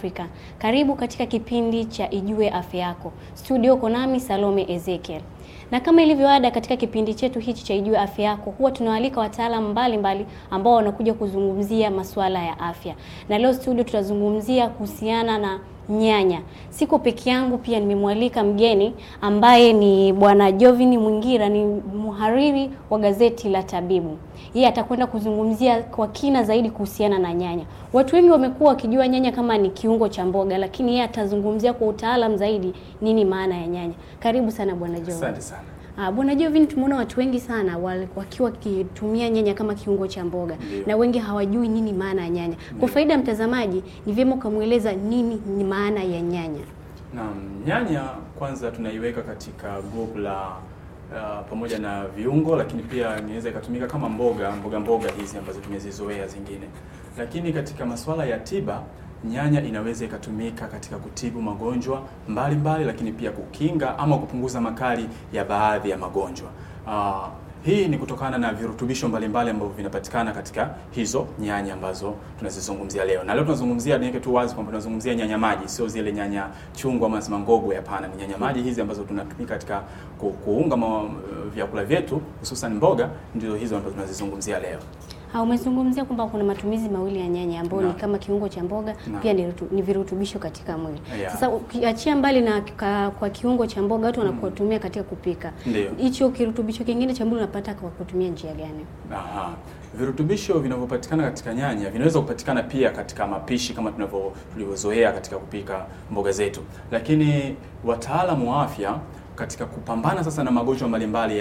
Afrika. Karibu katika kipindi cha Ijue Afya Yako. Studio uko nami Salome Ezekiel. Na kama ilivyoada katika kipindi chetu hichi cha Ijue Afya Yako, huwa tunawaalika wataalamu mbalimbali ambao wanakuja kuzungumzia masuala ya afya. Na leo studio tutazungumzia kuhusiana na Nyanya. Siko peke yangu, pia nimemwalika mgeni ambaye ni Bwana Jovini Mwingira, ni mhariri wa gazeti la Tabibu. Yeye atakwenda kuzungumzia kwa kina zaidi kuhusiana na nyanya. Watu wengi wamekuwa wakijua nyanya kama ni kiungo cha mboga, lakini yeye atazungumzia kwa utaalam zaidi nini maana ya nyanya. Karibu sana Bwana Jovini. Asante sana. Ah, Bwana Jovin, tumeona watu wengi sana wakiwa kitumia nyanya kama kiungo cha mboga yeah. Na wengi hawajui nini maana ya nyanya yeah. Kwa faida ya mtazamaji ni vyema ukamweleza nini ni maana ya nyanya. Naam, nyanya kwanza tunaiweka katika gobu la uh, pamoja na viungo, lakini pia inaweza ikatumika kama mboga mboga mboga hizi ambazo tumezizoea zingine, lakini katika masuala ya tiba Nyanya inaweza ikatumika katika kutibu magonjwa mbalimbali mbali, lakini pia kukinga ama kupunguza makali ya baadhi ya magonjwa. Uh, hii ni kutokana na virutubisho mbalimbali ambavyo vinapatikana katika hizo nyanya ambazo tunazizungumzia leo. Na leo tunazungumzia, niweke tu wazi kwamba tunazungumzia nyanya maji, sio zile nyanya chungwa ama zimangogwe, hapana. Ni nyanya maji hizi ambazo tunatumika katika kuunga vyakula vyetu, hususan mboga, ndizo hizo ambazo tunazizungumzia leo. Umezungumzia kwamba kuna matumizi mawili ya nyanya ambayo ni kama kiungo cha mboga pia ni virutubisho katika mwili yeah. Sasa ukiachia mbali na ka, kwa kiungo cha mboga watu wanakutumia mm, katika kupika, hicho kirutubisho kingine cha mwili unapata kwa kutumia njia gani? Aha. Virutubisho vinavyopatikana katika nyanya vinaweza kupatikana pia katika mapishi kama tunavyo tulivyozoea katika kupika mboga zetu, lakini wataalamu wa afya katika kupambana sasa na magonjwa mbalimbali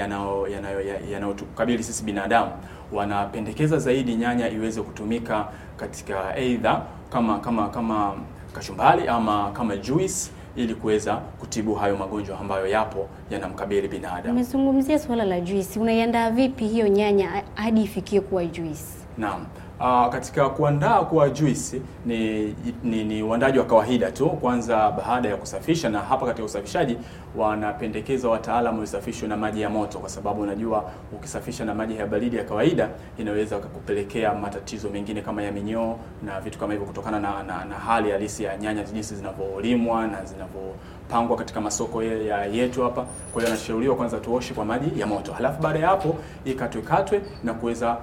yanayotukabili sisi binadamu, wanapendekeza zaidi nyanya iweze kutumika katika aidha kama kama kama kachumbari ama kama juice ili kuweza kutibu hayo magonjwa ambayo yapo yanamkabili binadamu. Umezungumzia suala la juice, unaiandaa vipi hiyo nyanya hadi ifikie kuwa juice? Naam. Uh, katika kuandaa kwa juisi ni, ni, ni uandaji wa kawaida tu, kwanza baada ya kusafisha. Na hapa katika usafishaji wanapendekeza wataalamu usafishwe na maji ya moto, kwa sababu unajua ukisafisha na maji ya baridi ya kawaida inaweza kupelekea matatizo mengine kama ya minyoo na vitu kama hivyo, kutokana na, na, na hali halisi ya nyanya jinsi zinavyolimwa na zinavyo pangwa katika masoko ye, ya yetu hapa. Kwa hiyo anashauriwa kwanza tuoshe kwa maji ya moto, halafu baada ya hapo ikatwe katwe na kuweza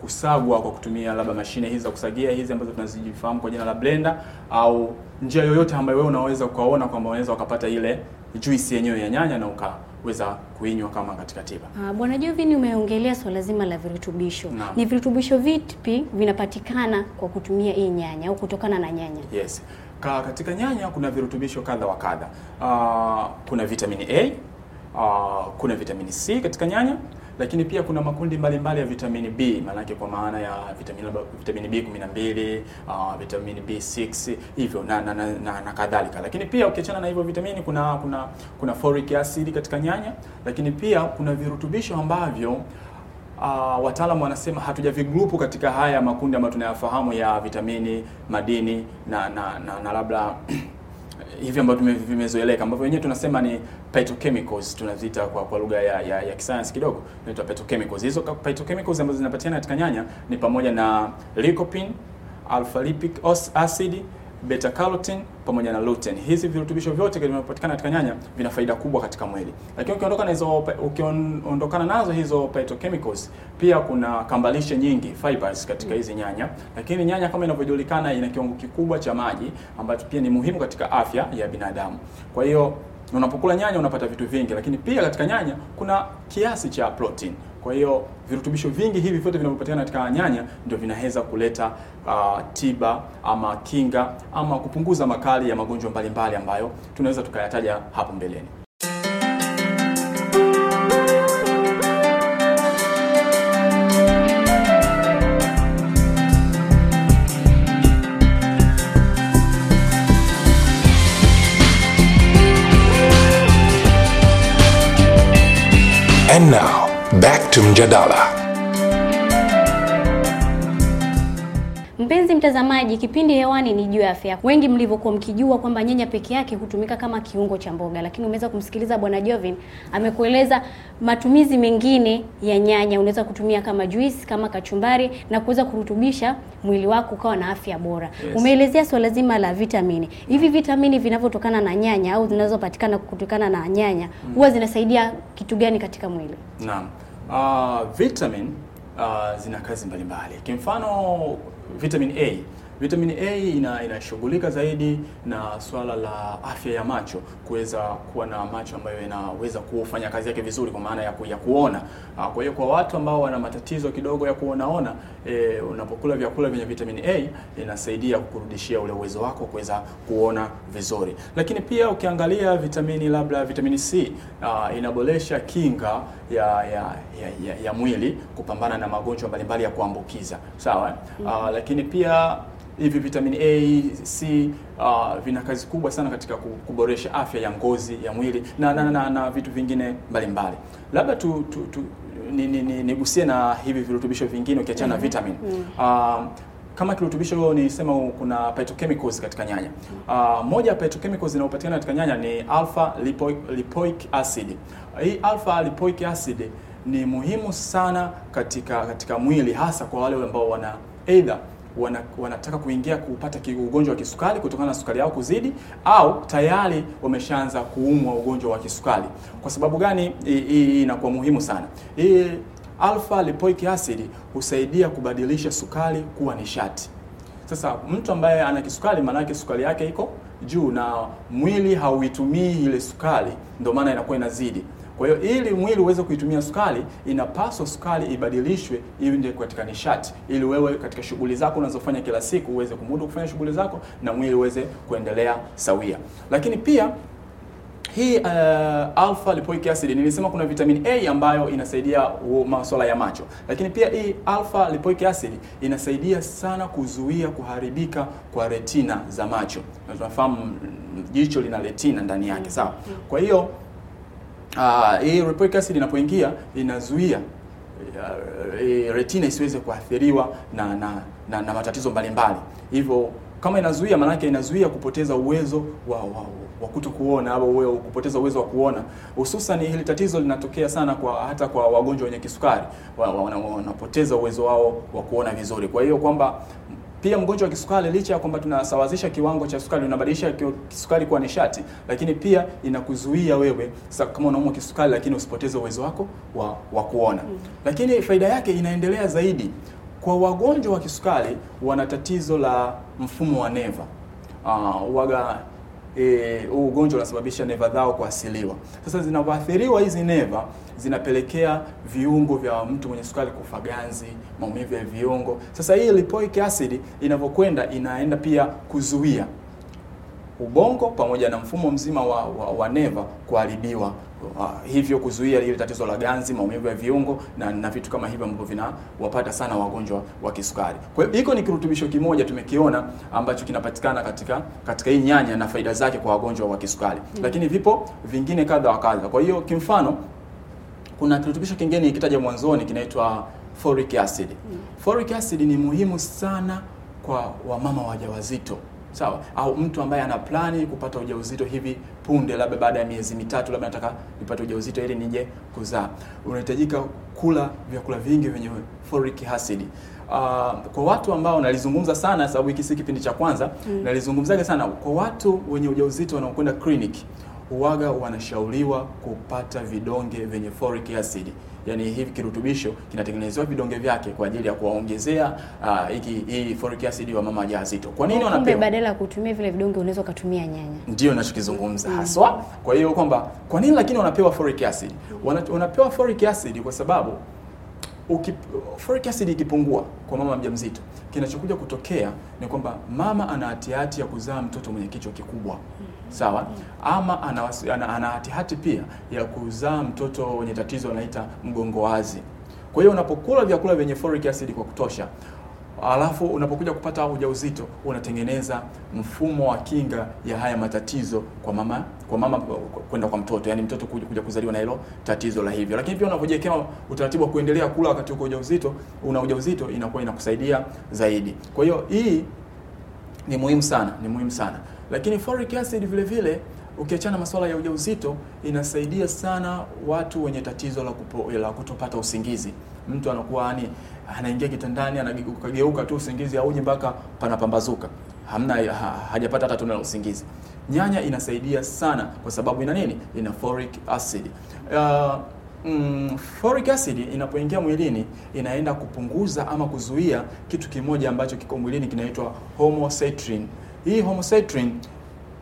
kusagwa kwa kutumia labda mashine hizi za kusagia hizi ambazo tunazijifahamu kwa jina la blender au njia yoyote ambayo wewe unaweza ukaona kwamba unaweza ukapata ile juisi yenyewe ya nyanya na ukaweza kuinywa kama katika tiba. Ah, Bwana Jovin umeongelea swala so zima la virutubisho. Na. Ni virutubisho vipi vinapatikana kwa kutumia hii nyanya au kutokana na nyanya? Yes. Ka katika nyanya kuna virutubisho kadha wa kadha. Uh, kuna vitamini A, uh, kuna vitamini C katika nyanya, lakini pia kuna makundi mbalimbali mbali ya vitamini B, maanake kwa maana ya vitamini vitamini B12, uh, ah, vitamini B6 hivyo na na, na, na, na kadhalika. Lakini pia ukiachana na hivyo vitamini kuna kuna kuna folic acid katika nyanya, lakini pia kuna virutubisho ambavyo uh, wataalamu wanasema hatujavigrupu katika haya makundi ambayo tunayafahamu ya vitamini, madini na na, na, na labda hivi ambavyo vimezoeleka ambavyo wenyewe tunasema ni phytochemicals tunaziita kwa kwa lugha ya, ya, ya kisayansi kidogo inaitwa phytochemicals. Hizo phytochemicals ambazo zinapatikana katika nyanya ni pamoja na lycopene, alpha lipic acid beta carotene pamoja na lutein. Hizi virutubisho vyote vinavyopatikana katika nyanya vina faida kubwa katika mwili, lakini ukiondokana hizo ukiondokana nazo hizo phytochemicals, pia kuna kambalishe nyingi fibers katika hizi nyanya. Lakini nyanya kama inavyojulikana, ina kiwango kikubwa cha maji ambacho pia ni muhimu katika afya ya binadamu. Kwa hiyo unapokula nyanya unapata vitu vingi, lakini pia katika nyanya kuna kiasi cha protein kwa hiyo virutubisho vingi hivi vyote vinavyopatikana katika nyanya ndio vinaweza kuleta uh, tiba ama kinga ama kupunguza makali ya magonjwa mbalimbali ambayo tunaweza tukayataja hapo mbeleni. And now Back to mjadala. Mpenzi mtazamaji, kipindi hewani ni juu ya afya. Wengi mlivyokuwa mkijua kwamba nyanya peke yake hutumika kama kiungo cha mboga, lakini umeweza kumsikiliza Bwana Jovin amekueleza matumizi mengine ya nyanya. Unaweza kutumia kama juisi kama kachumbari na kuweza kurutubisha mwili wako ukawa na afya bora. Yes. Umeelezea swala zima la vitamini. Hivi vitamini vinavyotokana na nyanya au zinazopatikana kutokana na nyanya hmm. huwa mm, zinasaidia kitu gani katika mwili? Naam. Uh, vitamin uh, zina kazi mbalimbali. Kwa mfano vitamin A Vitamini A ina inashughulika zaidi na swala la afya ya macho, kuweza kuwa na macho ambayo yanaweza kufanya kazi yake vizuri kwa maana ya, ku, ya kuona. Ah, kwa hiyo kwa watu ambao wana matatizo kidogo ya kuonaona e, unapokula vyakula vyenye vitamini A inasaidia kukurudishia ule uwezo wako kuweza kuona vizuri. Lakini pia ukiangalia vitamini labda vitamini C uh, inaboresha kinga ya ya, ya, ya ya mwili kupambana na magonjwa mbalimbali ya kuambukiza sawa, mm. Uh, lakini pia hivi vitamin A, C uh, vina kazi kubwa sana katika kuboresha afya ya ngozi ya mwili na, na, na, na, na vitu vingine mbalimbali. Labda tu, tu, tu ni, ni, ni, ni na hivi virutubisho vingine ukiachana na mm -hmm. vitamin mm -hmm. uh, kama kirutubisho nilisema kuna petrochemicals katika nyanya. Mm-hmm. Uh, moja ya petrochemicals inayopatikana katika nyanya ni alpha lipoic, lipoic acid. Hii alpha lipoic acid ni muhimu sana katika katika mwili hasa kwa wale ambao wana either wana, wanataka kuingia kupata ugonjwa wa kisukari kutokana na sukari yao kuzidi, au tayari wameshaanza kuumwa ugonjwa wa kisukari. Kwa sababu gani hii inakuwa muhimu sana? Hii alpha lipoic acid husaidia kubadilisha sukari kuwa nishati. Sasa mtu ambaye ana kisukari, maana yake sukari yake iko juu na mwili hauitumii ile sukari, ndio maana inakuwa inazidi. Kwa hiyo ili mwili uweze kuitumia sukari, inapaswa sukari ibadilishwe iende katika nishati, ili wewe katika shughuli zako unazofanya kila siku uweze kumudu kufanya shughuli zako na mwili uweze kuendelea sawia. Lakini pia hii uh, alpha lipoic acid nilisema kuna vitamin A ambayo inasaidia masuala ya macho, lakini pia hii alpha lipoic acid inasaidia sana kuzuia kuharibika kwa retina za macho, na tunafahamu mm, jicho lina retina ndani yake, sawa? Mm-hmm. Kwa hiyo Ah, hii uh, reproic acid inapoingia inazuia uh, retina isiweze kuathiriwa na, na, na, na matatizo mbalimbali hivyo kama inazuia maanake inazuia kupoteza uwezo wa, wa, wa kuto kuona au kupoteza uwezo wa kuona. Hususan hili tatizo linatokea sana kwa hata kwa wagonjwa wenye kisukari wanapoteza wa, wa, uwezo wao wa kuona vizuri. Kwa hiyo kwamba pia mgonjwa wa kisukari, licha ya kwamba tunasawazisha kiwango cha sukari, unabadilisha kisukari kuwa nishati, lakini pia inakuzuia wewe kama unaumwa kisukari, lakini usipoteze uwezo wako wa, wa kuona mm. Lakini faida yake inaendelea zaidi kwa wagonjwa wa kisukari, wana tatizo la mfumo wa neva uh, ah, waga e, huu ugonjwa unasababisha neva zao kuasiliwa. Sasa zinavyoathiriwa hizi neva zinapelekea viungo vya mtu mwenye sukari kufa ganzi, maumivu ya viungo. Sasa hii lipoic acid inavyokwenda inaenda pia kuzuia ubongo pamoja na mfumo mzima wa, wa, wa neva kuharibiwa, ah, hivyo kuzuia ile tatizo la ganzi, maumivu ya viungo na na vitu kama hivyo ambavyo vinawapata sana wagonjwa wa kisukari. Kwa hiyo hiko ni kirutubisho kimoja tumekiona ambacho kinapatikana katika katika hii nyanya na faida zake kwa wagonjwa wa kisukari hmm. Lakini vipo vingine kadha wa kadha. Kwa hiyo kimfano, kuna kirutubisho kingine kitaja mwanzoni kinaitwa folic acid hmm. Folic acid ni muhimu sana kwa wamama wajawazito sawa, au mtu ambaye ana plani kupata ujauzito hivi punde, labda baada ya miezi mitatu, labda nataka nipate ujauzito ili nije kuzaa, unahitajika kula vyakula vingi vyenye folic acid. Uh, kwa watu ambao nalizungumza sana sababu hiki si kipindi cha kwanza mm. Nalizungumzaga sana kwa watu wenye ujauzito wanaokwenda clinic, huwaga wanashauriwa kupata vidonge vyenye folic acid yani hivi kirutubisho kinatengenezewa vidonge vyake kwa ajili ya kuwaongezea ah, hiki hii folic acid wa mama wajawazito. Kwa nini wanapewa? Badala ya kutumia vile vidonge unaweza kutumia nyanya. Ndio ninachokizungumza mm. haswa. Kwa hiyo kwamba kwa nini lakini wanapewa folic acid? Wanapewa folic acid kwa sababu Ukip, folic acid ikipungua kwa mama mjamzito, kinachokuja kutokea ni kwamba mama ana hatihati ya kuzaa mtoto mwenye kichwa kikubwa sawa, ama ana hatihati pia ya kuzaa mtoto mwenye tatizo anaita mgongo wazi. Kwa hiyo unapokula vyakula vyenye folic acid kwa kutosha, alafu unapokuja kupata ujauzito unatengeneza mfumo wa kinga ya haya matatizo kwa mama kwa mama kwenda kwa mtoto, yani mtoto kuja, kuja kuzaliwa na hilo tatizo la hivyo. Lakini pia unavyojiwekea utaratibu wa kuendelea kula wakati uko ujauzito, una ujauzito inakuwa inakusaidia zaidi. Kwa hiyo hii ni muhimu sana, ni muhimu sana. Lakini folic acid vile vile ukiachana masuala ya ujauzito inasaidia sana watu wenye tatizo la, kupo, la kutopata usingizi. Mtu anakuwa yani anaingia kitandani anageuka tu usingizi auji mpaka panapambazuka, hamna hajapata hata tone la usingizi. Nyanya inasaidia sana kwa sababu ina nini? Ina folic acid. Uh, Mm, folic acid inapoingia mwilini inaenda kupunguza ama kuzuia kitu kimoja ambacho kiko mwilini kinaitwa homocysteine. Hii homocysteine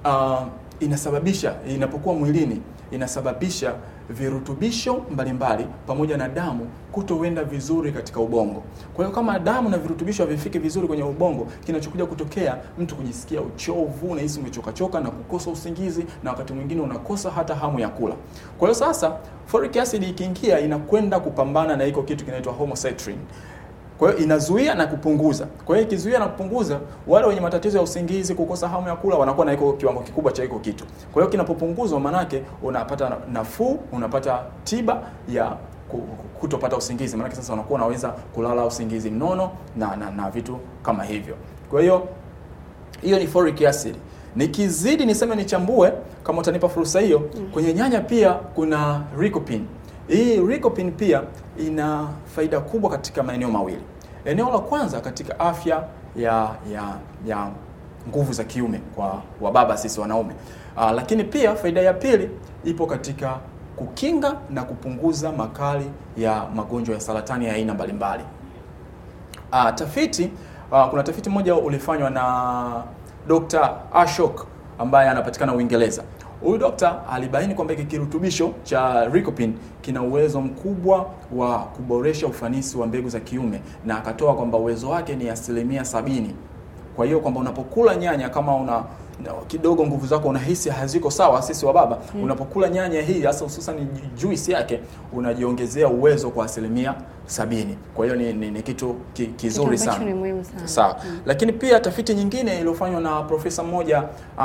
uh, inasababisha inapokuwa mwilini inasababisha virutubisho mbalimbali pamoja na damu kutoenda vizuri katika ubongo. Kwa hiyo kama damu na virutubisho havifiki vizuri kwenye ubongo, kinachokuja kutokea mtu kujisikia uchovu, unahisi umechokachoka na kukosa usingizi, na wakati mwingine unakosa hata hamu ya kula. Kwa hiyo sasa folic acid ikiingia, inakwenda kupambana na iko kitu kinaitwa homocysteine. Kwa hiyo inazuia na kupunguza. Kwa hiyo ikizuia na kupunguza, wale wenye matatizo ya usingizi, kukosa hamu ya kula wanakuwa na iko kiwango kikubwa cha hiko kitu. Kwa hiyo kinapopunguzwa, manake unapata nafuu, unapata tiba ya kutopata usingizi, maanake sasa unakuwa unaweza kulala usingizi mnono na, na, na vitu kama hivyo. Kwa hiyo hiyo ni folic acid. Nikizidi niseme nichambue, kama utanipa fursa hiyo. Mm. Kwenye nyanya pia kuna lycopene hii lycopene pia ina faida kubwa katika maeneo mawili. Eneo la kwanza katika afya ya ya ya nguvu za kiume kwa wababa sisi wanaume. Aa, ah, lakini pia faida ya pili ipo katika kukinga na kupunguza makali ya magonjwa ya saratani ya aina mbalimbali. Aa, ah, tafiti aa, ah, kuna tafiti moja ulifanywa na Dr. Ashok ambaye anapatikana Uingereza Huyu dokta alibaini kwamba hiki kirutubisho cha Lycopene kina uwezo mkubwa wa kuboresha ufanisi wa mbegu za kiume na akatoa kwamba uwezo wake ni asilimia sabini. Kwa hiyo kwamba unapokula nyanya kama una kidogo nguvu zako unahisi haziko sawa, sisi wa baba hmm. Unapokula nyanya hii hasa hususan juisi yake unajiongezea uwezo kwa asilimia sabini. Kwa hiyo ni, ni, ni kitu ki, kizuri sana sawa. Hmm. Lakini pia tafiti nyingine iliyofanywa na profesa mmoja uh,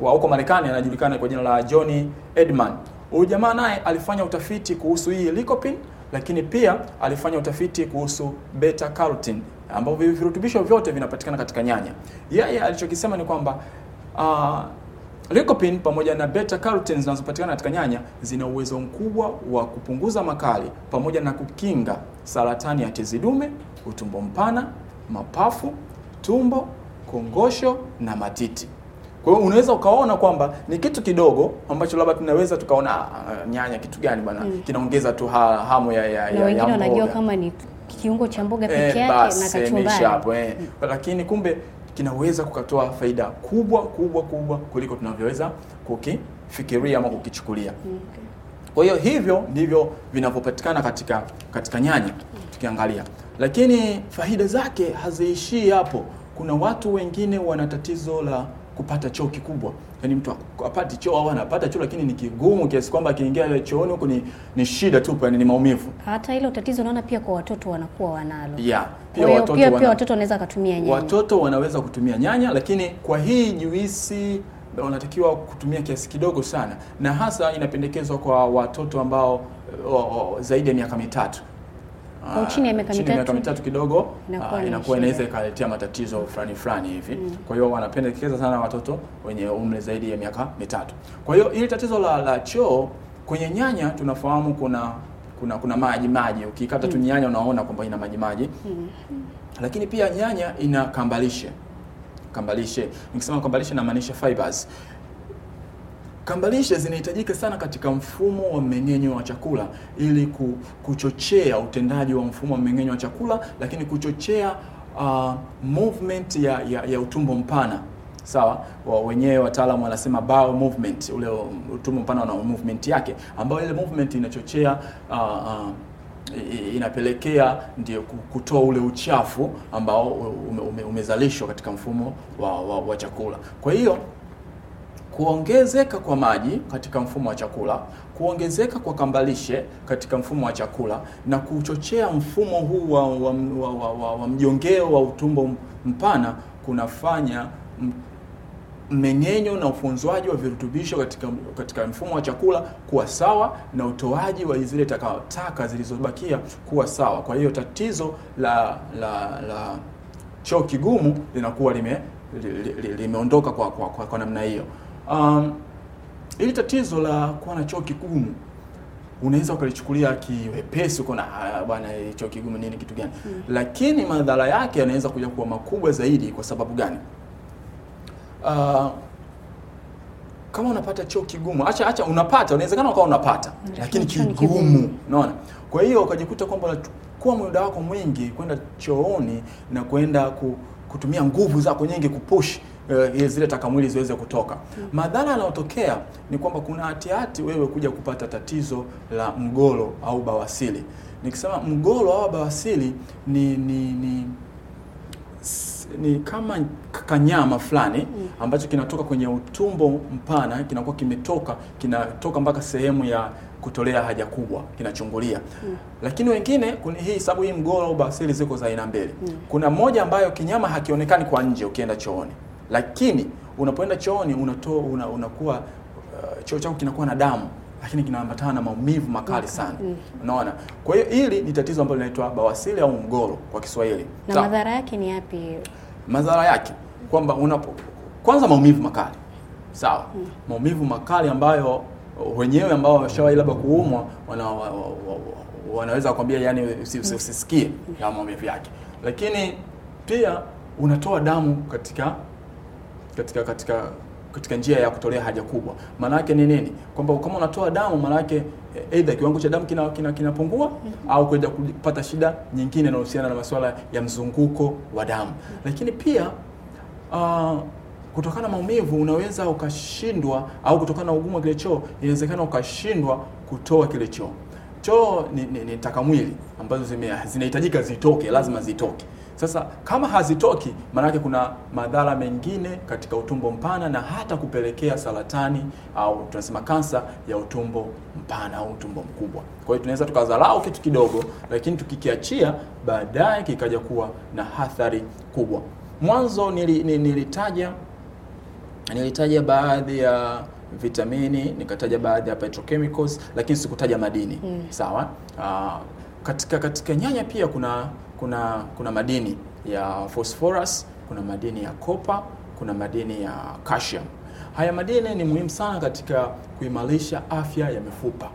wa huko Marekani anajulikana kwa jina la john Edman. Huyu jamaa naye alifanya utafiti kuhusu hii lycopene, lakini pia alifanya utafiti kuhusu beta carotene ambavyo virutubisho vyote vinapatikana katika nyanya. Yeye alichokisema ni kwamba uh, Lycopene pamoja na beta carotene zinazopatikana katika nyanya zina uwezo mkubwa wa kupunguza makali pamoja na kukinga saratani ya tezi dume, utumbo mpana, mapafu, tumbo, kongosho na matiti. Kwa hiyo unaweza ukaona kwamba ni kitu kidogo ambacho labda tunaweza tukaona uh, nyanya kitu gani bwana hmm. kinaongeza tu ha, hamu ya, ya, na ya wanajua kama ni kiungo cha mboga pekee eh, yake na eh, kachumbari eh. Hmm. Lakini kumbe kinaweza kukatoa faida kubwa kubwa kubwa kuliko tunavyoweza kukifikiria ama kukichukulia. Kwa hiyo hivyo ndivyo vinavyopatikana katika, katika nyanya tukiangalia, lakini faida zake haziishii hapo. Kuna watu wengine wana tatizo la kupata choo kikubwa. Yaani mtu apati choo au anapata choo lakini ni kigumu kiasi kwamba akiingia chooni huko ni, ni shida tu yani ni maumivu. Hata hilo tatizo naona pia kwa watoto wanakuwa wanalo. Yeah, pia Kweo, watoto pia, wana... pia watoto wanaweza kutumia nyanya. Watoto wanaweza kutumia nyanya lakini kwa hii juisi wanatakiwa kutumia kiasi kidogo sana na hasa inapendekezwa kwa watoto ambao o, o, zaidi ya miaka mitatu kwa ah, chini ya miaka mitatu kidogo inakuwa ah, inaweza ikaletea matatizo fulani fulani hivi. Mm. Kwa hiyo wanapendekeza sana watoto wenye umri zaidi ya miaka mitatu. Kwa hiyo hili tatizo la, la choo kwenye nyanya tunafahamu kuna kuna kuna maji maji, ukikata tu mm. nyanya unaona kwamba ina maji maji. Mm. Lakini pia nyanya ina kambalishe kambalishe. Nikisema kambalishe namaanisha fibers. Kambalishe zinahitajika sana katika mfumo wa mmeng'enyo wa chakula ili kuchochea utendaji wa mfumo wa mmeng'enyo wa chakula, lakini kuchochea uh, movement ya, ya, ya utumbo mpana sawa. Wa wenyewe wataalamu wanasema bowel movement, ule utumbo mpana na movement yake, ambayo ile movement inachochea uh, uh, inapelekea ndio kutoa ule uchafu ambao umezalishwa ume, ume katika mfumo wa, wa, wa chakula. Kwa hiyo kuongezeka kwa maji katika mfumo wa chakula, kuongezeka kwa kambalishe katika mfumo wa chakula na kuchochea mfumo huu wa, wa, wa, wa, wa, wa mjongeo wa utumbo mpana kunafanya mmeng'enyo na ufunzwaji wa virutubisho katika, katika mfumo wa chakula kuwa sawa na utoaji wa zile taka, zilizobakia kuwa sawa. Kwa hiyo tatizo la, la, la choo kigumu linakuwa lime limeondoka li, li, kwa, kwa, kwa, kwa namna hiyo. Um, ili tatizo la kuwa na choo kigumu unaweza ukalichukulia kiwepesi, uko na ah, bwana, choo kigumu nini, kitu gani? mm. Lakini madhara yake yanaweza kuja kuwa makubwa zaidi. Kwa sababu gani? Uh, kama unapata choo kigumu, acha acha, unapata unawezekana ukawa unapata mm. lakini kigumu, unaona. Kwa hiyo ukajikuta kwamba unachukua muda wako mwingi kwenda chooni na kwenda kutumia nguvu zako nyingi kupush uh, zile takamwili ziweze kutoka. Hmm. Madhara yanayotokea ni kwamba kuna hatihati wewe kuja kupata tatizo la mgolo au bawasili. Nikisema mgolo au bawasili ni, ni, ni ni kama kanyama fulani hmm. ambacho kinatoka kwenye utumbo mpana, kinakuwa kimetoka kinatoka mpaka sehemu ya kutolea haja kubwa, kinachungulia mm. Lakini wengine hii sababu hii mgolo au bawasili ziko za aina mbili mm. Kuna moja ambayo kinyama hakionekani kwa nje ukienda chooni lakini unapoenda chooni unatoa una, unakuwa uh, choo chako kinakuwa na damu lakini kinaambatana na maumivu makali mm. sana. Mm. Unaona? Mm. Kwa hiyo hili ni tatizo ambalo linaitwa bawasiri au mgolo kwa Kiswahili. Na madhara yake ni yapi? Madhara yake kwamba unapo kwanza maumivu makali. Sawa. Mm. Maumivu makali ambayo wenyewe ambao washawahi labda kuumwa wana, wa, wa, wa, wanaweza kukwambia yani usisikie usi, usi, mm. maumivu yake. Lakini pia unatoa damu katika katika katika katika njia ya kutolea haja kubwa. Maana yake ni nini? Kwamba kama unatoa damu, maana yake eh, aidha kiwango cha damu kinapungua kina, kina, kinapungua mm -hmm. au kuja kupata shida nyingine inayohusiana na masuala ya mzunguko wa damu mm -hmm. Lakini pia uh, kutokana na maumivu unaweza ukashindwa, au kutokana na ugumu wa kile choo inawezekana ukashindwa kutoa kile choo. Choo ni, ni, ni taka mwili ambazo zinahitajika zitoke, lazima zitoke sasa kama hazitoki, maanake kuna madhara mengine katika utumbo mpana na hata kupelekea saratani au tunasema kansa ya utumbo mpana au utumbo mkubwa. Kwa hiyo tunaweza tukadharau kitu kidogo, lakini tukikiachia, baadaye kikaja kuwa na athari kubwa. Mwanzo nili, nilitaja nilitaja baadhi ya vitamini nikataja baadhi ya petrochemicals, lakini sikutaja madini mm. Sawa. Aa, ah, katika katika nyanya pia kuna kuna kuna madini ya phosphorus, kuna madini ya kopa, kuna madini ya calcium. Haya madini ni muhimu sana katika kuimarisha afya ya mifupa.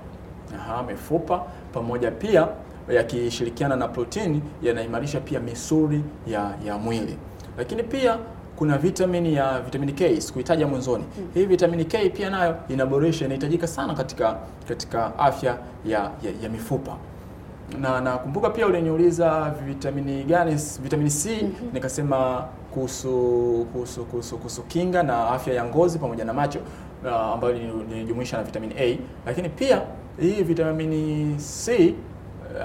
Aha, mifupa pamoja pia yakishirikiana na protini yanaimarisha pia misuri ya, ya mwili. Lakini pia kuna vitamini ya vitamini K sikuitaja mwanzoni. Mm. Hii vitamini K pia nayo inaboresha, inahitajika sana katika katika afya ya, ya, ya mifupa na nakumbuka pia uliniuliza vitamini gani, vitamini C mm -hmm. nikasema kuhusu kuhusu kuhusu kuhusu kinga na afya ya ngozi pamoja na macho uh, ambayo nilijumuisha na vitamini A, lakini pia hii vitamini C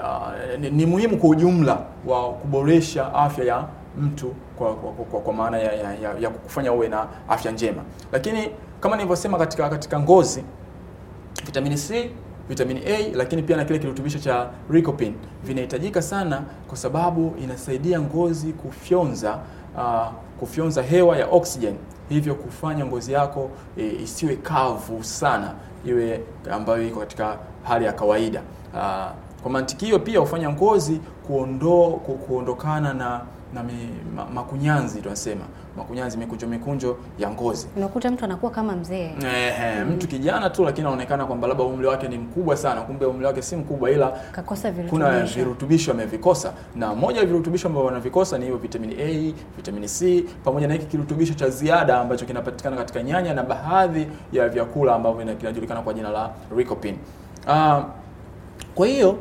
uh, ni, ni muhimu kwa ujumla wa kuboresha afya ya mtu kwa, kwa, kwa, kwa maana ya, ya, ya, ya kufanya uwe na afya njema, lakini kama nilivyosema katika katika ngozi vitamini C vitamin A lakini pia na kile kirutubisho cha lycopene vinahitajika sana, kwa sababu inasaidia ngozi kufyonza uh, kufyonza hewa ya oxygen, hivyo kufanya ngozi yako e, isiwe kavu sana, iwe ambayo iko katika hali ya kawaida. Uh, kwa mantiki hiyo pia hufanya ngozi kuondo, ku, kuondokana na, na mi, ma, makunyanzi tunasema makunyanzi, mikunjo mikunjo ya ngozi. Unakuta mtu anakuwa kama mzee ehe, mm. mtu kijana tu, lakini anaonekana kwamba labda umri wake ni mkubwa sana, kumbe umri wake si mkubwa, ila kakosa virutubisho. Kuna virutubisho amevikosa, na moja ya virutubisho ambavyo wanavikosa ni hiyo vitamini A, vitamini C pamoja na hiki kirutubisho cha ziada ambacho kinapatikana katika nyanya na baadhi ya vyakula ambavyo kinajulikana kwa jina la lycopene. Uh, ah, kwa hiyo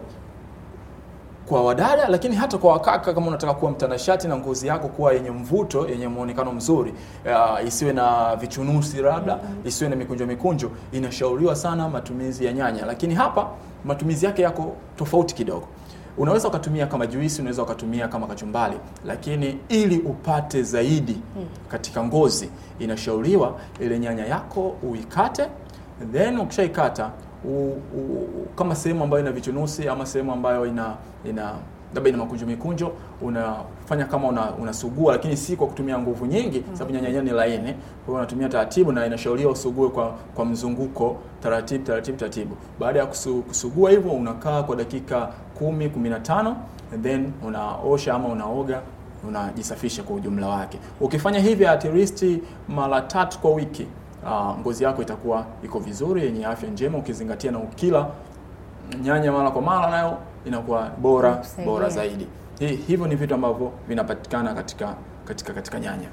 kwa wadada, lakini hata kwa wakaka. Kama unataka kuwa mtanashati na ngozi yako kuwa yenye mvuto, yenye muonekano mzuri, uh, isiwe na vichunusi labda, mm-hmm. isiwe na mikunjo mikunjo, inashauriwa sana matumizi ya nyanya, lakini hapa matumizi yake yako tofauti kidogo. Unaweza ukatumia kama juisi, unaweza ukatumia kama kachumbali, lakini ili upate zaidi mm. katika ngozi, inashauriwa ile nyanya yako uikate, then ukishaikata u, u, kama sehemu ambayo ina vichunusi ama sehemu ambayo ina ina labda ina makunjo mikunjo, unafanya kama una, unasugua, lakini si kwa kutumia nguvu nyingi mm -hmm. sababu nyanya ni laini, kwa hiyo unatumia taratibu, na inashauriwa usugue kwa, kwa mzunguko taratibu taratibu taratibu. Baada ya kusu, kusugua hivyo unakaa kwa dakika 10 15, and then unaosha ama unaoga unajisafisha kwa ujumla wake. Ukifanya hivi at least mara tatu kwa wiki uh, ngozi yako itakuwa iko vizuri yenye afya njema, ukizingatia na ukila nyanya mara kwa mara, nayo inakuwa bora bora zaidi. Hivyo ni vitu ambavyo vinapatikana katika katika katika nyanya.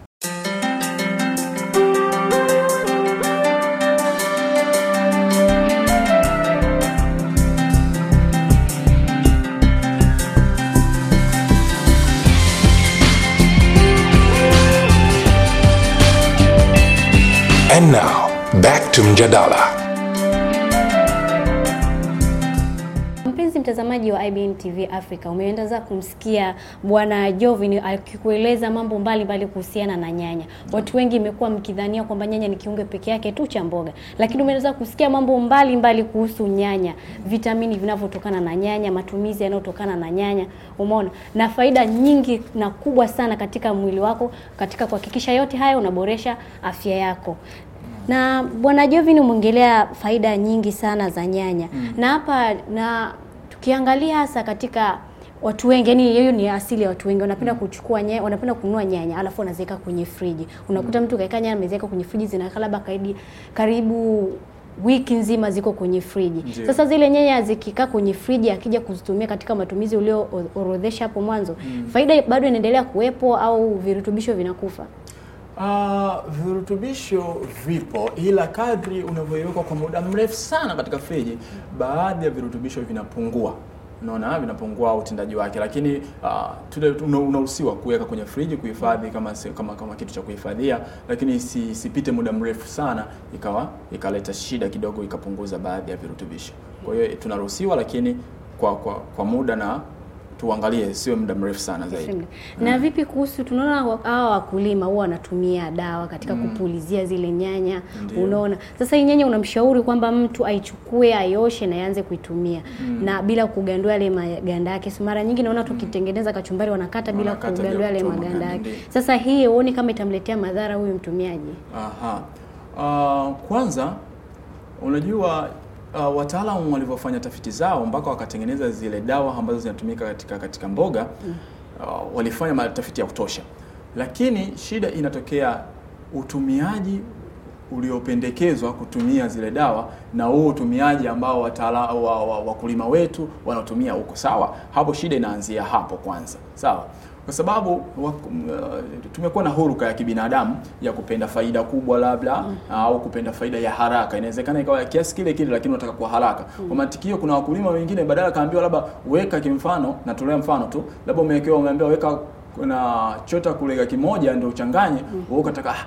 And now, back to mjadala. Mpenzi mtazamaji wa IBN TV Africa, umeendaza kumsikia Bwana Jovin akikueleza mambo mbalimbali kuhusiana na nyanya. Watu wengi imekuwa mkidhania kwamba nyanya ni kiungo peke yake tu cha mboga, lakini umeendaza kusikia mambo mbalimbali mbali kuhusu nyanya, vitamini vinavyotokana na nyanya, matumizi yanayotokana na nyanya, umeona, na faida nyingi na kubwa sana katika mwili wako, katika kuhakikisha yote haya unaboresha afya yako na Bwana Jovin umeongelea faida nyingi sana za nyanya mm. na hapa na tukiangalia hasa katika watu wengi yani, hiyo ni asili ya watu wengi wanapenda mm. kuchukua nyanya, wanapenda kununua nyanya alafu wanaziweka kwenye friji. Unakuta mm. mtu kaeka nyanya ameziweka kwenye friji zinakaa labda karibu wiki nzima ziko kwenye friji. Ndiyo. Sasa zile nyanya zikikaa kwenye friji akija kuzitumia katika matumizi ulio orodhesha hapo mwanzo mm. faida bado inaendelea kuwepo au virutubisho vinakufa? Uh, virutubisho vipo ila kadri unavyoiweka kwa muda mrefu sana katika friji, baadhi ya virutubisho vinapungua unaona vinapungua utendaji wake, lakini ah, uh, unahusiwa kuweka kwenye friji kuhifadhi kama, kama, kama kitu cha kuhifadhia, lakini isipite muda mrefu sana ikawa ikaleta shida kidogo ikapunguza baadhi ya virutubisho. Kwa hiyo tunaruhusiwa, lakini kwa, kwa, kwa muda na tuangalie, sio muda mrefu sana zaidi. Hmm. Na mm. vipi kuhusu, tunaona hawa wakulima huwa wanatumia dawa katika hmm. kupulizia zile nyanya. Unaona sasa hii nyanya unamshauri kwamba mtu aichukue aioshe na aanze kuitumia hmm. na bila kugandua yale maganda yake. Mara nyingi naona tukitengeneza kachumbari wanakata bila kugandua yale maganda yake. Sasa hii uone kama itamletea madhara huyu mtumiaji? Aha. Uh, kwanza unajua uh, wataalamu walivyofanya tafiti zao mpaka wakatengeneza zile dawa ambazo zinatumika katika, katika mboga mm. uh, walifanya matafiti ya kutosha, lakini shida inatokea utumiaji uliopendekezwa kutumia zile dawa na huo utumiaji ambao wataalamu wakulima wetu wanatumia huko. Sawa, hapo shida inaanzia hapo kwanza, sawa kwa sababu uh, tumekuwa na huruka ya kibinadamu ya kupenda faida kubwa labda mm. Uh, au kupenda faida ya haraka. Inawezekana ikawa ya kiasi kile kile, lakini unataka kwa haraka mm. Kwa matikio, kuna wakulima wengine badala kaambiwa labda weka kimfano, natolea mfano tu, labda umewekewa umeambiwa weka na chota kulega kimoja ndio uchanganye mm. ukataka ah,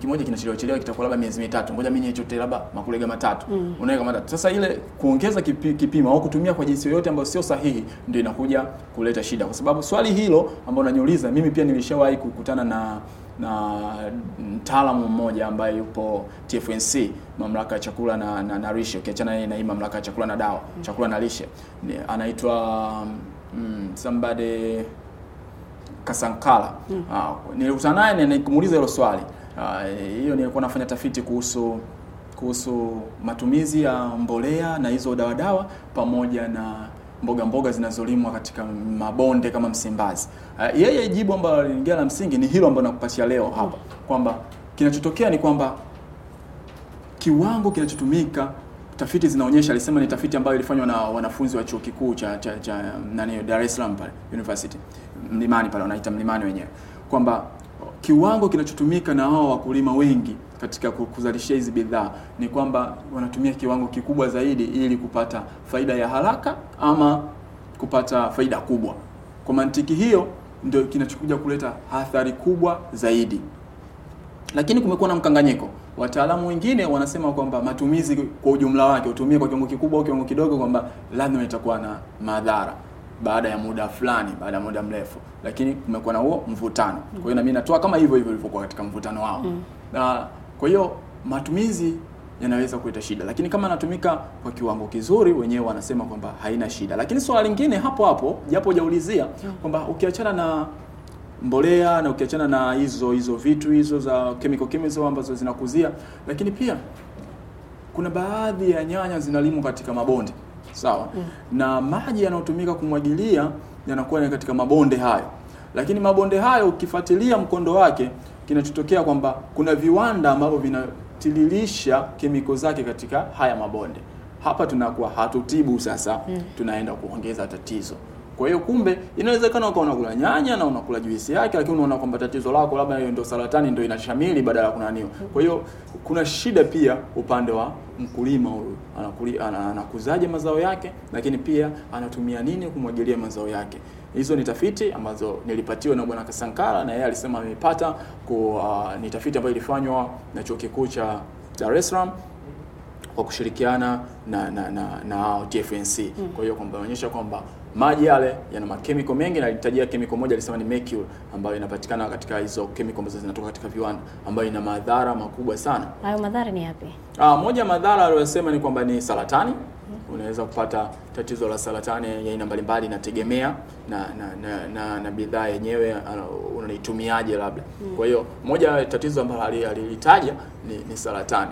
kimoja kinachelewa chelewa kitakuwa labda miezi mitatu, ngoja mimi niachote labda makulega matatu mm. unaweka matatu. Sasa ile kuongeza kipi, kipimo au kutumia kwa jinsi yoyote ambayo sio sahihi ndio inakuja kuleta shida, kwa sababu swali hilo ambalo unaniuliza mimi pia nilishawahi kukutana na na mtaalamu mmoja ambaye yupo TFNC mamlaka ya chakula na, na, na lishe ukiachana okay, na hii mamlaka ya chakula na dawa mm. chakula na lishe anaitwa mm, somebody Kasankala mm. Ah, nilikutana naye nikumuuliza hilo swali Ah, hiyo uh, nilikuwa nafanya tafiti kuhusu kuhusu matumizi ya mbolea na hizo dawadawa pamoja na mboga mboga zinazolimwa katika mabonde kama Msimbazi. Uh, yeye jibu ambalo liliingia la msingi ni hilo ambalo nakupatia leo hapa kwamba kinachotokea ni kwamba kiwango kinachotumika tafiti zinaonyesha, alisema ni tafiti ambayo ilifanywa na wanafunzi wa chuo kikuu cha, cha, cha nani Dar es Salaam pale University Mlimani pale wanaita Mlimani wenyewe kwamba kiwango kinachotumika na hao wakulima wengi katika kuzalishia hizi bidhaa ni kwamba wanatumia kiwango kikubwa zaidi ili kupata faida ya haraka ama kupata faida kubwa. Kwa mantiki hiyo, ndio kinachokuja kuleta athari kubwa zaidi. Lakini kumekuwa na mkanganyiko. Wataalamu wengine wanasema kwamba matumizi kwa ujumla wake utumie kwa kiwango kikubwa au kiwango kidogo, kwamba lazima itakuwa na madhara baada ya muda fulani, baada ya muda mrefu, lakini kumekuwa na huo mvutano. Kwa hiyo na mimi natoa kama hivyo hivyo ilivyokuwa katika mvutano wao mm. na kwa hiyo matumizi yanaweza kuleta shida, lakini kama anatumika kwa kiwango kizuri, wenyewe wanasema kwamba haina shida. Lakini swala lingine hapo hapo, japo hujaulizia mm. kwamba ukiachana na mbolea na ukiachana na hizo hizo vitu hizo za chemical chemical ambazo zinakuzia, lakini pia kuna baadhi ya nyanya zinalimwa katika mabonde sawa mm. na maji yanayotumika kumwagilia yanakuwa ni katika mabonde hayo lakini mabonde hayo ukifuatilia mkondo wake kinachotokea kwamba kuna viwanda ambavyo vinatililisha kemiko zake katika haya mabonde hapa tunakuwa hatutibu sasa mm. tunaenda kuongeza tatizo kwa hiyo kumbe inawezekana ukawa unakula nyanya na unakula juisi yake, lakini unaona kwamba tatizo lako labda hiyo ndio saratani ndio inashamili badala ya kunaniwa. Kwa hiyo kuna shida pia upande wa mkulima huyu, anakuzaje mazao yake, lakini pia anatumia nini kumwagilia mazao yake. Hizo ni tafiti ambazo nilipatiwa na Bwana Kasankara na yeye alisema amepata ku uh, ni tafiti ambayo ilifanywa na chuo kikuu cha Dar es Salaam kwa kushirikiana na na na, na TFNC. Mm. Kwa hiyo kwamba inaonyesha kwamba maji yale yana makemiko mengi, na alitajia kemiko moja alisema ni mercury, ambayo inapatikana katika hizo kemiko ambazo zinatoka katika viwanda, ambayo ina madhara makubwa sana. Hayo madhara ni yapi? Ah, moja madhara aliyosema ni kwamba ni saratani unaweza kupata tatizo la saratani ya aina mbalimbali, inategemea na na, na, na, na bidhaa yenyewe unaitumiaje labda. Hmm. Kwa hiyo moja tatizo ambalo alilitaja ni, ni saratani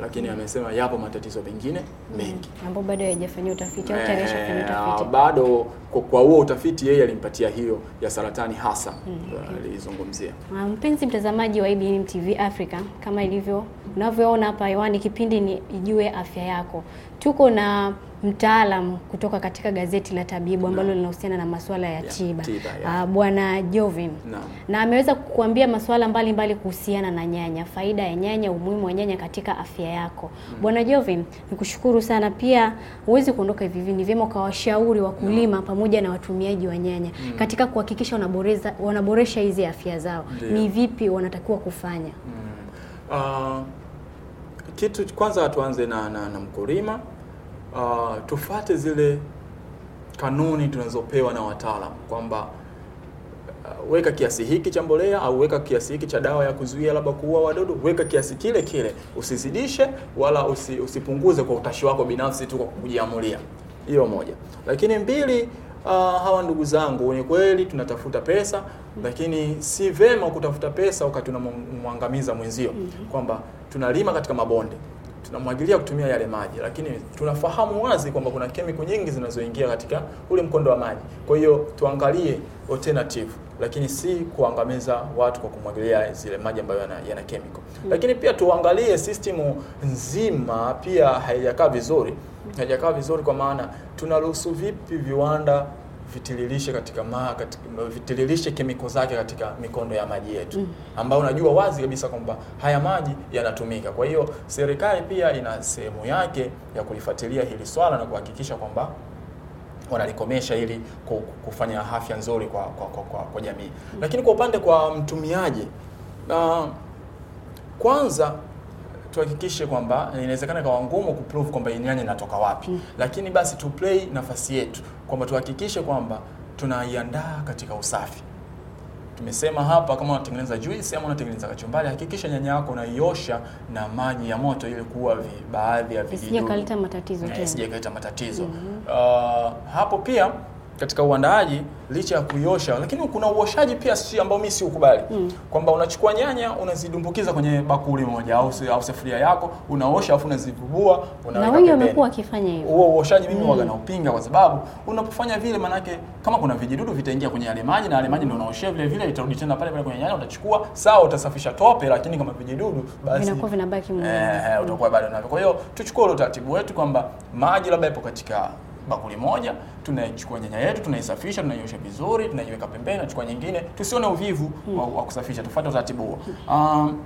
lakini amesema yapo matatizo mengine mengi mm. ambayo bado hayajafanyiwa utafiti au tayari eh, utafiti. Ah, bado kwa huo utafiti yeye alimpatia hiyo ya saratani hasa mm, eh, alizungumzia. Ah, mpenzi mtazamaji wa IBN TV Africa, kama ilivyo unavyoona hapa hewani, kipindi ni Ijue Afya Yako, tuko na mtaalam kutoka katika gazeti la Tabibu ambalo linahusiana na masuala ya tiba, tiba ah, Bwana Jovin na, na ameweza kukuambia masuala mbalimbali kuhusiana na nyanya, faida ya nyanya, umuhimu wa nyanya katika afya yako. Mm. Bwana Jovin, nikushukuru sana. Pia huwezi kuondoka hivi hivi, ni vyema ukawashauri wakulima no. pamoja na watumiaji wa nyanya mm. katika kuhakikisha wanaboresha wanaboresha hizi afya zao. Deo. Ni vipi wanatakiwa kufanya? Mm. Uh, kitu kwanza tuanze na, na, na mkulima uh, tufate zile kanuni tunazopewa na wataalam kwamba uh, weka kiasi hiki cha mbolea au weka kiasi hiki cha dawa ya kuzuia labda kuua wadudu, weka kiasi kile kile, usizidishe wala usi, usipunguze kwa utashi wako binafsi tu kwa kujiamulia. Hiyo moja, lakini mbili Uh, hawa ndugu zangu ni kweli tunatafuta pesa mm. Lakini si vema kutafuta pesa wakati tunamwangamiza mwenzio mm -hmm. Kwamba tunalima katika mabonde tunamwagilia kutumia yale maji, lakini tunafahamu wazi kwamba kuna kemiko nyingi zinazoingia katika ule mkondo wa maji. Kwa hiyo tuangalie alternative, lakini si kuangamiza watu kwa kumwagilia zile maji ambayo yana, yana chemical. Mm. Lakini pia tuangalie system nzima pia haijakaa vizuri, haijakaa vizuri kwa maana tunaruhusu vipi viwanda vitiririshe katika ma, katika, vitiririshe kemiko zake katika mikondo ya maji yetu mm. ambayo unajua wazi kabisa kwamba haya maji yanatumika. Kwa hiyo serikali pia ina sehemu yake ya kulifuatilia hili swala na kuhakikisha kwamba wanalikomesha ili kufanya afya nzuri kwa, kwa, kwa, kwa, kwa jamii mm. Lakini kwa upande kwa mtumiaji na kwanza tuhakikishe kwamba inawezekana kawa ngumu kuprove kwamba nyanya inatoka wapi mm. Lakini basi tu play nafasi yetu kwamba tuhakikishe kwamba tunaiandaa katika usafi. Tumesema hapa kama unatengeneza juisi ama unatengeneza kachumbari, hakikisha nyanya yako unaiosha na maji ya moto ili kuua baadhi ya vijidudu, isikaleta matatizo eh, tena, isikaleta matatizo. Mm -hmm. Uh, hapo pia katika uandaaji licha ya kuiosha, lakini kuna uoshaji pia si ambao mimi siukubali mm. kwamba unachukua nyanya unazidumbukiza kwenye bakuli moja au au sufuria yako unaosha afu unazivubua unaweka. Na wengi wamekuwa wakifanya hivyo. Huo uoshaji mimi mm. waga naupinga kwa sababu unapofanya vile, manake kama kuna vijidudu vitaingia kwenye yale maji na yale maji ndio unaoshea vile vile, itarudi tena pale pale kwenye nyanya. Utachukua sawa, utasafisha tope, lakini kama vijidudu basi vinakuwa vinabaki, eh, utakuwa bado navyo. Kwa hiyo tuchukue utaratibu wetu kwamba maji labda ipo katika bakuli moja, tunaichukua nyanya yetu, tunaisafisha, tunaiosha vizuri, tunaiweka pembeni, tunachukua nyingine, tusione uvivu hmm. wa, wa kusafisha, tufuate utaratibu huo. Um,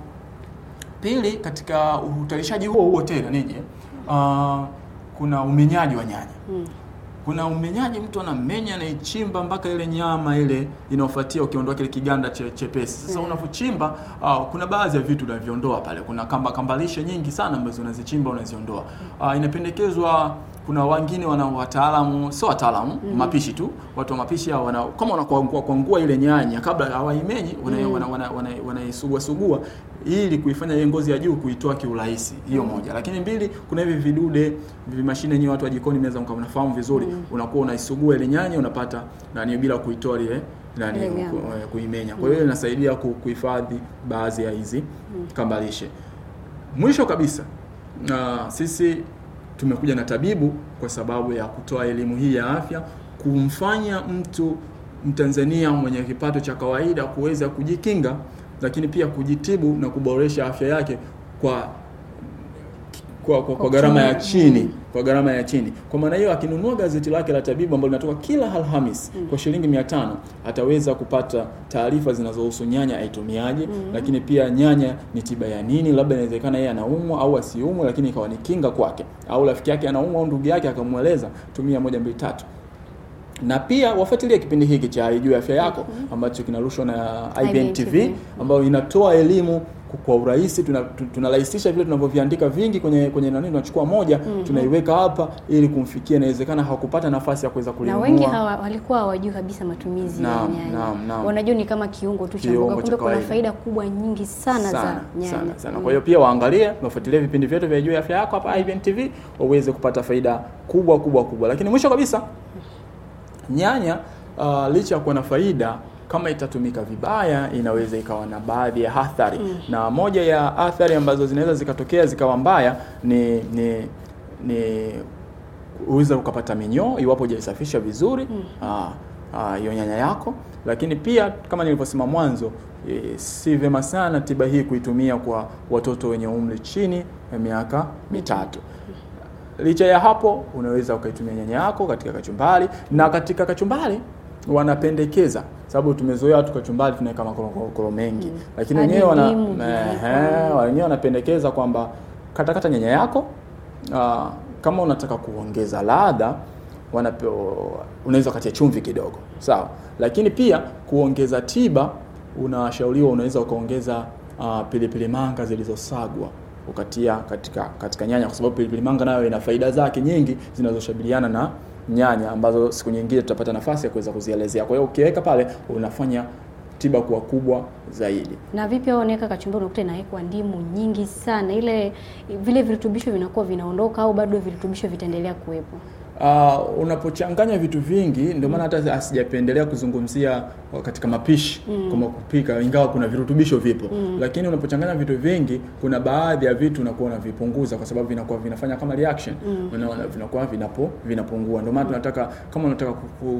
pili, katika utalishaji huo huo tena nije uh, kuna umenyaji wa nyanya hmm. Kuna umenyaji, mtu anamenya anaichimba mpaka ile nyama ile inaofuatia, ukiondoa kile kiganda che, chepesi. Sasa yeah. Hmm. unapochimba uh, kuna baadhi ya vitu unaviondoa pale, kuna kamba kambalishe nyingi sana ambazo unazichimba unaziondoa. Hmm. Uh, inapendekezwa kuna wengine wana wataalamu sio wataalamu mm -hmm. mapishi tu watu wa mapishi hao wana kama wanakuangua kuangua ile nyanya kabla hawaimenyi wana, mm -hmm. wana, wana, wana, sugua ili kuifanya ile ngozi ya juu kuitoa kiurahisi hiyo mm -hmm. moja lakini mbili kuna hivi vidude vimashine nyingi watu wa jikoni mnaweza mkafahamu vizuri mm -hmm. unakuwa unaisugua ile nyanya unapata nani bila kuitoa ile nani eh, kuimenya kwa hiyo mm. inasaidia kuhifadhi baadhi ya hizi mm. kambalishe mwisho kabisa uh, sisi tumekuja na tabibu kwa sababu ya kutoa elimu hii ya afya, kumfanya mtu Mtanzania mwenye kipato cha kawaida kuweza kujikinga, lakini pia kujitibu na kuboresha afya yake kwa kwa, kwa, kwa gharama ya chini kwa gharama ya chini. Kwa maana hiyo akinunua gazeti lake la Tabibu ambalo linatoka kila Alhamis mm. kwa shilingi 500 ataweza kupata taarifa zinazohusu nyanya aitumiaje, mm. lakini pia nyanya ni tiba ya nini, labda inawezekana yeye anaumwa au asiumwe, lakini ikawa ni kinga kwake, au rafiki yake anaumwa au ndugu yake akamweleza tumia moja mbili tatu na pia wafuatilie kipindi hiki cha Ijue Afya Yako mm-hmm. ambacho kinarushwa na IBN TV ambayo inatoa elimu kwa urahisi tunarahisisha tuna vile tunavyoviandika vingi kwenye kwenye nani, tunachukua moja mm -hmm. tunaiweka hapa ili kumfikia, inawezekana hawakupata nafasi ya kuweza kulinunua. Na wengi hawa walikuwa hawajui kabisa matumizi ya nyanya, wanajua ni kama kiungo tu cha mboga, kumbe kuna faida kubwa nyingi sana, sana za nyanya sana, sana. Mm. Kwa hiyo pia waangalie, wafuatilie vipindi vyetu vya Jua Afya Yako hapa IVN TV waweze kupata faida kubwa kubwa kubwa, lakini mwisho kabisa nyanya uh, licha ya kuwa na faida kama itatumika vibaya inaweza ikawa na baadhi ya athari mm. na moja ya athari ambazo zinaweza zikatokea zikawa mbaya ni ni ni uweza ukapata minyoo iwapo hujaisafisha vizuri mm. Ah, ah, hiyo mm. nyanya yako, lakini pia kama nilivyosema mwanzo e, si vema sana tiba hii kuitumia kwa watoto wenye umri chini ya miaka mitatu. Licha ya hapo, unaweza ukaitumia nyanya yako katika kachumbari, na katika kachumbari wanapendekeza sababu tumezoea tu kachumbari tunaweka makorokoro mengi mm. lakini wenyewe wana wenyewe wanapendekeza kwamba katakata nyanya yako uh, kama unataka kuongeza ladha unaweza ukatia chumvi kidogo sawa lakini pia kuongeza tiba unashauriwa unaweza ukaongeza uh, pilipili manga zilizosagwa ukatia katika, katika nyanya kwa sababu pilipili manga nayo ina faida zake nyingi zinazoshabihiana na nyanya ambazo siku nyingine tutapata nafasi ya kuweza kuzielezea. Kwa hiyo ukiweka pale unafanya tiba kuwa kubwa zaidi. Na vipi hao unaweka kachumbari, unakuta inawekwa ndimu nyingi sana, ile vile virutubisho vinakuwa vinaondoka au bado virutubisho vitaendelea kuwepo? uh, unapochanganya vitu vingi ndio maana hata asijapendelea kuzungumzia uh, katika mapishi mm. kama kupika, ingawa kuna virutubisho vipo mm. lakini unapochanganya vitu vingi, kuna baadhi ya vitu unakuwa unavipunguza kwa sababu vinakuwa vinafanya kama reaction mm. unaona, vinakuwa vinapo vinapungua. Ndio maana tunataka kama unataka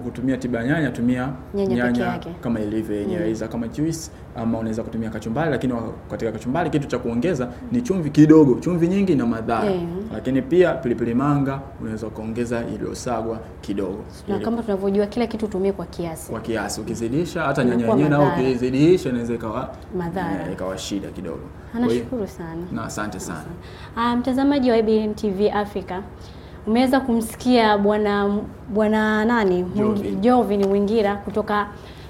kutumia tiba nyanya, tumia nyanya, nyanya kama ilivyo yenyewe mm. kama juice ama unaweza kutumia kachumbari, lakini katika kachumbari kitu cha kuongeza ni chumvi kidogo. Chumvi nyingi na madhara yeah. lakini pia pilipili manga unaweza kuongeza iliyosagwa kidogo, na yaani kama tunavyojua kila kitu utumie kwa kiasi, kwa kiasi. Ukizidisha hata nyanya yenyewe nao ukizidisha inaweza ikawa madhara, eh, ikawa shida kidogo. nashukuru sana na asante sana ah, mtazamaji um, wa IBN TV Africa umeweza kumsikia bwana bwana nani Jovin Mwingira kutoka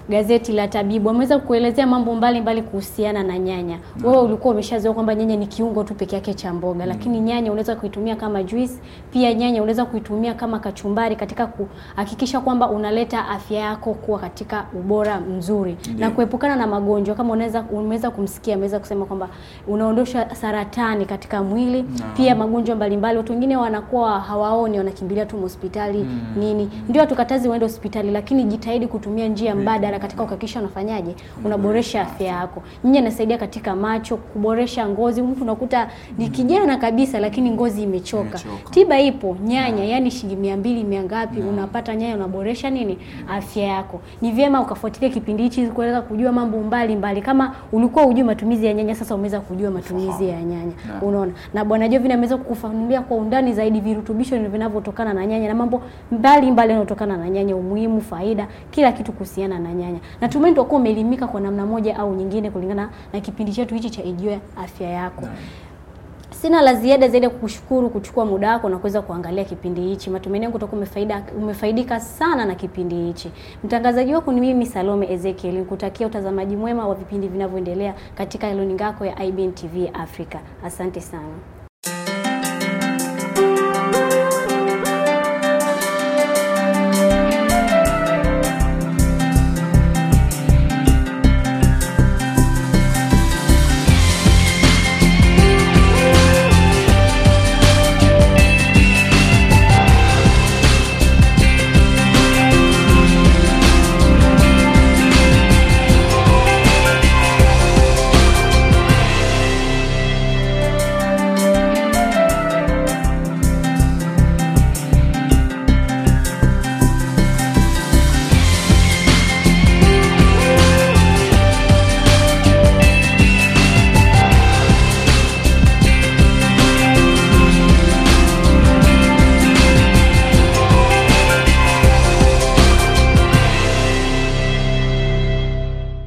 gazeti la Tabibu ameweza kuelezea mambo mbalimbali kuhusiana na nyanya. Wewe ulikuwa umeshazoea kwamba nyanya ni kiungo tu peke yake cha mboga, lakini mm. nyanya unaweza kuitumia kama juice, pia nyanya unaweza kuitumia kama kachumbari katika kuhakikisha kwamba unaleta afya yako kuwa katika ubora mzuri Ndiyo. na kuepukana na magonjwa kama unaweza umeweza kumsikia ameweza kusema kwamba unaondosha saratani katika mwili no. pia magonjwa mbalimbali. Watu wengine wanakuwa hawaoni, wanakimbilia tu hospitali mm. nini, ndio tukatazi uende hospitali, lakini jitahidi kutumia njia mbadala sana katika kuhakikisha unafanyaje, unaboresha afya yako. Nyinyi inasaidia katika macho, kuboresha ngozi. Mtu unakuta ni kijana kabisa, lakini ngozi imechoka, Tiba ipo nyanya, yani shilingi mia mbili mia ngapi, unapata nyanya, unaboresha nini afya yako. Ni vyema ukafuatilia kipindi hichi kuweza kujua mambo mbali mbali. Kama ulikuwa hujui matumizi ya nyanya, sasa umeweza kujua matumizi ya nyanya, unaona. Na Bwana Jovina ameweza kukufanulia kwa undani zaidi virutubisho vinavyotokana na nyanya na mambo mbali mbali yanayotokana na nyanya, umuhimu, faida, kila kitu kuhusiana na nyanya nyanya. Natumai ndio kwa umeelimika kwa namna moja au nyingine kulingana na kipindi chetu hichi cha Ijue Afya Yako. Sina la ziada zaidi ya kukushukuru kuchukua muda wako na kuweza kuangalia kipindi hichi. Matumaini yangu utakuwa umefaida, umefaidika sana na kipindi hichi. Mtangazaji wako ni mimi Salome Ezekiel. Nikutakia utazamaji mwema wa vipindi vinavyoendelea katika runinga yako ya IBN TV Africa. Asante sana.